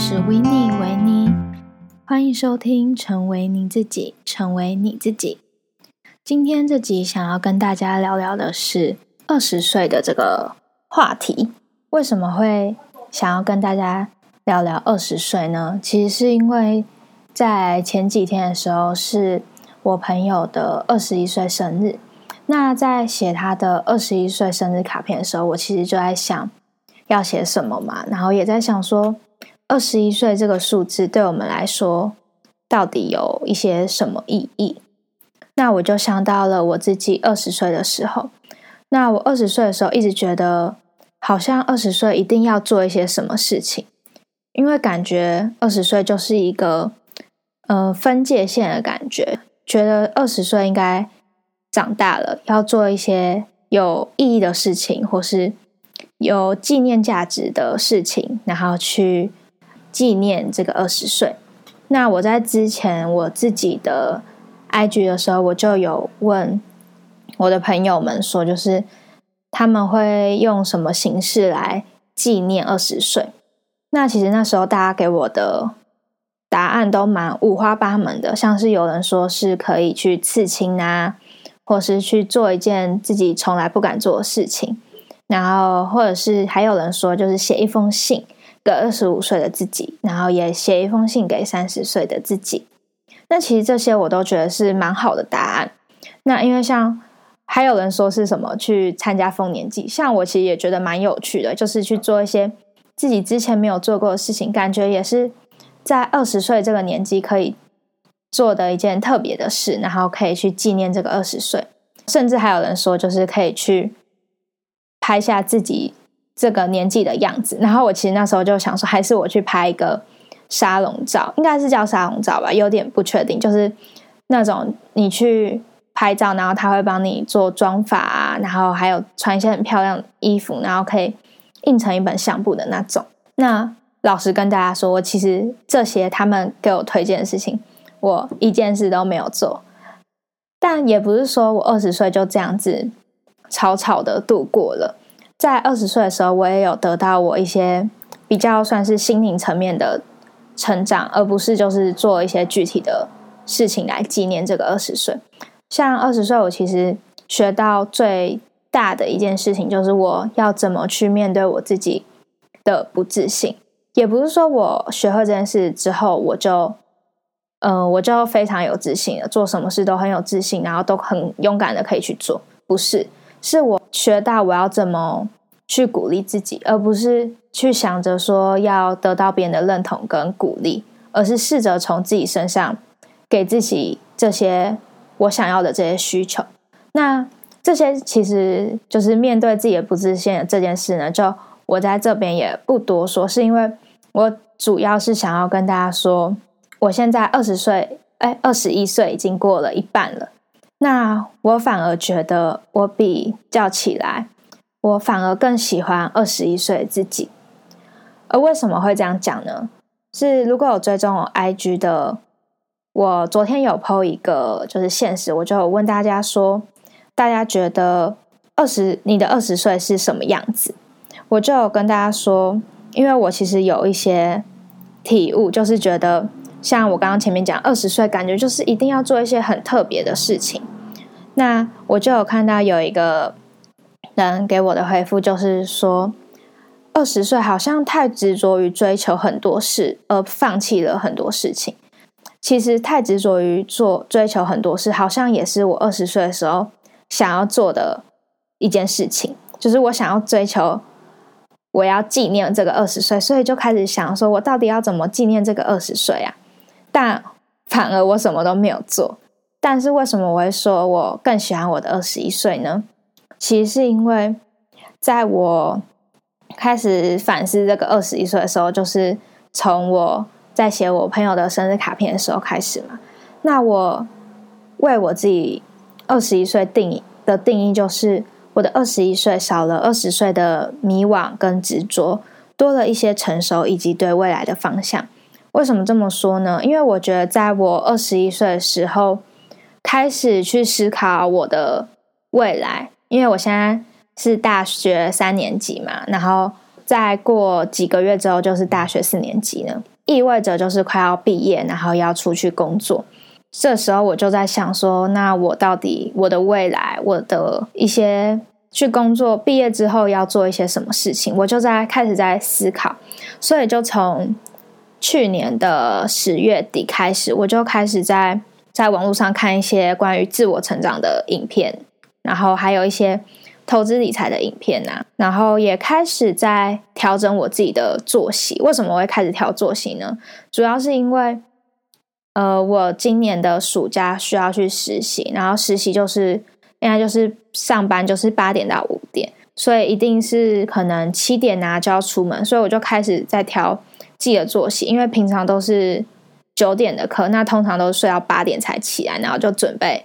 我是維尼維尼，歡迎收聽《成為你自己，成為你自己》。今天這集想要跟大家聊聊的是二十歲的這個話題。為什麼會想要跟大家聊聊二十歲呢？其實是因為在前幾天的時候，是我朋友的二十一歲生日。那在寫他的二十一歲生日卡片的時候，我其實就在想要寫什麼嘛，然後也在想說。二十一歲這個數字對我們來說，到底有一些什麼意義？那我就想到了我自己二十歲的時候。那我二十歲的時候，一直覺得好像二十歲一定要做一些什麼事情，因為感覺二十歲就是一個呃分界線的感覺，覺得二十歲應該長大了，要做一些有意義的事情，或是有紀念價值的事情，然後去。紀念這個二十歲。那我在之前我自己的 IG 的時候，我就有問我的朋友們說，就是他們會用什麼形式來紀念二十歲？那其實那時候大家給我的答案都蠻五花八門的，像是有人說是可以去刺青啊，或是去做一件自己從來不敢做的事情，然後或者是還有人說就是寫一封信，給二十五歲的自己，然後也寫一封信給三十歲的自己。那其實這些我都覺得是蠻好的答案。那因為像還有人說是什麼去參加豐年祭，像我其實也覺得蠻有趣的，就是去做一些自己之前沒有做過的事情，感覺也是在二十歲這個年紀可以做的一件特別的事，然後可以去紀念這個二十歲。甚至還有人說，就是可以去拍下自己。這個年紀的樣子，然後我其實那時候就想說，還是我去拍一個沙龍照，應該是叫沙龍照吧，有點不確定。就是那種你去拍照，然後他會幫你做妝髮啊，然後還有穿一些很漂亮衣服，然後可以印成一本相簿的那種。那老實跟大家說，我其實這些他們給我推薦的事情，我一件事都沒有做。但也不是說我二十歲就這樣子草草的度過了。在二十歲的時候，我也有得到我一些比較算是心靈層面的成長，而不是就是做一些具體的事情來紀念這個二十歲。像二十歲，我其實學到最大的一件事情，就是我要怎麼去面對我自己的不自信。也不是說我學會這件事之後，我就，嗯、呃，我就非常有自信了，做什麼事都很有自信，然後都很勇敢的可以去做，不是。是我學到我要怎麼去鼓勵自己，而不是去想着說要得到別人的認同跟鼓勵，而是試着從自己身上給自己這些我想要的這些需求。那這些其實就是面對自己的不自信的這件事呢，就我在這邊也不多說，是因為我主要是想要跟大家說，我現在二十歲，哎、欸，二十一歲已經過了一半了。那我反而覺得，我比較起來，我反而更喜歡二十一歲的自己。而為什麼會這樣講呢？是如果我追蹤我 IG 的，我昨天有 PO 一個就是限時，我就有問大家說，大家覺得二十你的二十歲是什麼樣子？我就有跟大家說，因為我其實有一些體悟，就是覺得。像我剛剛前面講，二十歲感覺就是一定要做一些很特別的事情。那我就有看到有一個人給我的回覆，就是說二十歲好像太執着於追求很多事，而放棄了很多事情。其實太執着於做，追求很多事，好像也是我二十歲的時候想要做的一件事情，就是我想要追求，我要紀念這個二十歲，所以就開始想說，我到底要怎麼紀念這個二十歲啊？但反而我什麼都沒有做，但是為什麼我會說我更喜歡我的二十一歲呢？其實是因為在我開始反思這個二十一歲的時候，就是從我在寫我朋友的生日卡片的時候開始嘛。那我為我自己二十一歲定義的定義就是，我的二十一歲少了二十歲的迷惘跟執着，多了一些成熟以及對未來的方向。為什麼這麼說呢？因為我覺得，在我二十一歲的時候，開始去思考我的未來。因為我現在是大學三年級嘛，然後再過幾個月之後就是大學四年級了，意味着就是快要畢業，然後要出去工作。這時候我就在想說，那我到底我的未來，我的一些去工作，畢業之後要做一些什麼事情？我就在開始在思考，所以就從。去年的十月底開始，我就開始在在網絡上看一些關於自我成長的影片，然後還有一些投資理財的影片啊，然後也開始在調整我自己的作息。為什麼我會開始調作息呢？主要是因為，呃，我今年的暑假需要去實習，然後實習就是應該就是上班，就是八點到五點，所以一定是可能七點啊就要出門，所以我就開始在調。記得作息，因為平常都是九點的課，那通常都是睡到八點才起來，然後就準備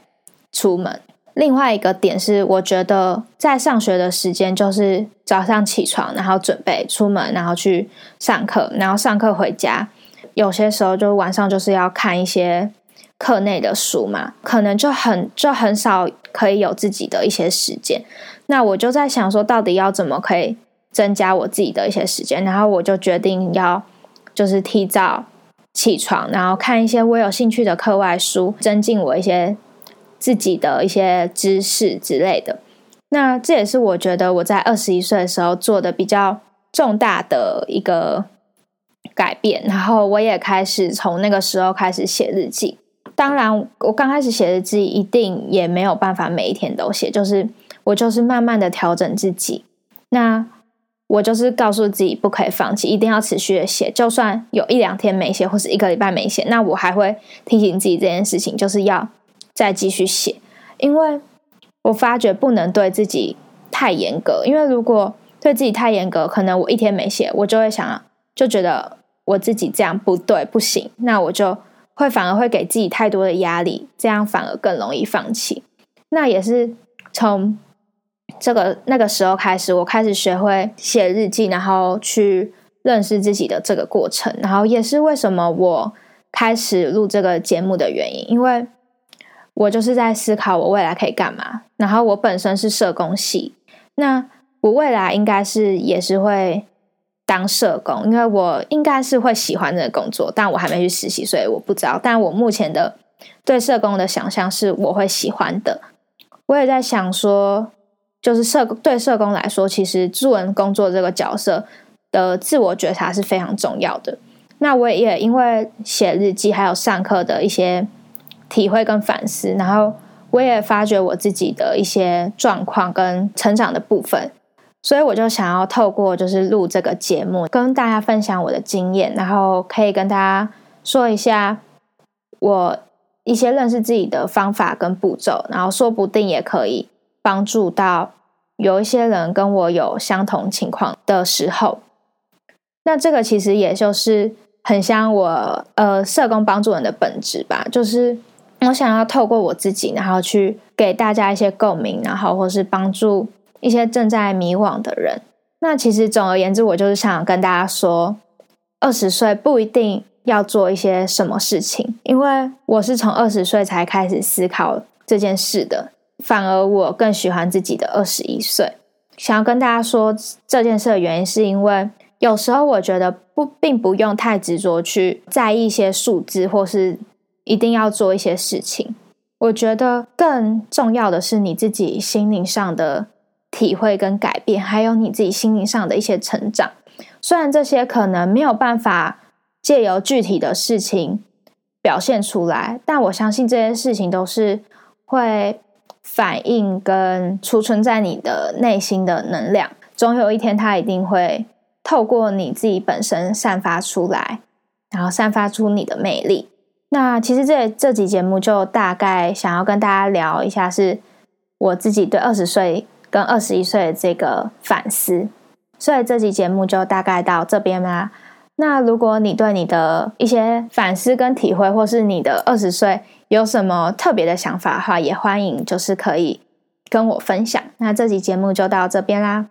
出門。另外一個點是，我覺得在上學的時間，就是早上起床，然後準備出門，然後去上課，然後上課回家。有些時候就晚上就是要看一些課內的書嘛，可能就很就很少可以有自己的一些時間。那我就在想說，到底要怎麼可以增加我自己的一些時間？然後我就決定要。就是提早起床，然後看一些我有興趣的課外書，增進我一些自己的一些知識之類的。那這也是我覺得我在21歲的時候做的比較重大的一個改變。然後我也開始從那個時候開始寫日記。當然，我剛開始寫日記一定也沒有辦法每一天都寫，就是我就是慢慢的調整自己。那我就是告訴自己不可以放棄，一定要持續的寫。就算有一兩天沒寫，或是一個禮拜沒寫，那我還會提醒自己這件事情，就是要再繼續寫。因為我發覺不能對自己太嚴格，因為如果對自己太嚴格，可能我一天沒寫，我就會想，就覺得我自己這樣不對，不行，那我就會反而會給自己太多的壓力，這樣反而更容易放棄。那也是從。這個那個時候開始，我開始學會寫日記，然後去認識自己的這個過程，然後也是為什麼我開始錄這個節目的原因，因為我就是在思考我未來可以幹嘛。然後我本身是社工系，那我未來應該是也是會當社工，因為我應該是會喜歡這個工作，但我還沒去實習，所以我不知道。但我目前的對社工的想象是我會喜歡的。我也在想說。就是社工，對社工來說，其實助人工作這個角色的自我覺察是非常重要的。那我也因為寫日記，還有上課的一些體會跟反思，然後我也發覺我自己的一些狀況跟成長的部分，所以我就想要透過就是錄這個節目，跟大家分享我的經驗，然後可以跟大家說一下我一些認識自己的方法跟步驟，然後說不定也可以幫助到。有一些人跟我有相同情況的時候，那這個其實也就是很像我呃社工幫助人的本質吧，就是我想要透過我自己，然後去給大家一些共鳴，然後或是幫助一些正在迷惘的人。那其實總而言之，我就是想跟大家說，二十歲不一定要做一些什麼事情，因為我是從二十歲才開始思考這件事的。反而我更喜歡自己的二十一歲。想要跟大家說這件事的原因，是因為有時候我覺得不，並不用太執着去在意一些數字，或是一定要做一些事情。我覺得更重要的是你自己心靈上的體會跟改變，還有你自己心靈上的一些成長。雖然這些可能沒有辦法借由具體的事情表現出來，但我相信這些事情都是會。反應跟儲存在你的內心的能量，總有一天它一定會透過你自己本身散發出來，然後散發出你的魅力。那其實這這集節目就大概想要跟大家聊一下，是我自己對二十歲跟二十一歲的這個反思。所以這集節目就大概到這邊啦。那如果你對你的一些反思跟體會，或是你的二十歲有什麼特別的想法的話，也歡迎就是可以跟我分享。那這集節目就到這邊啦。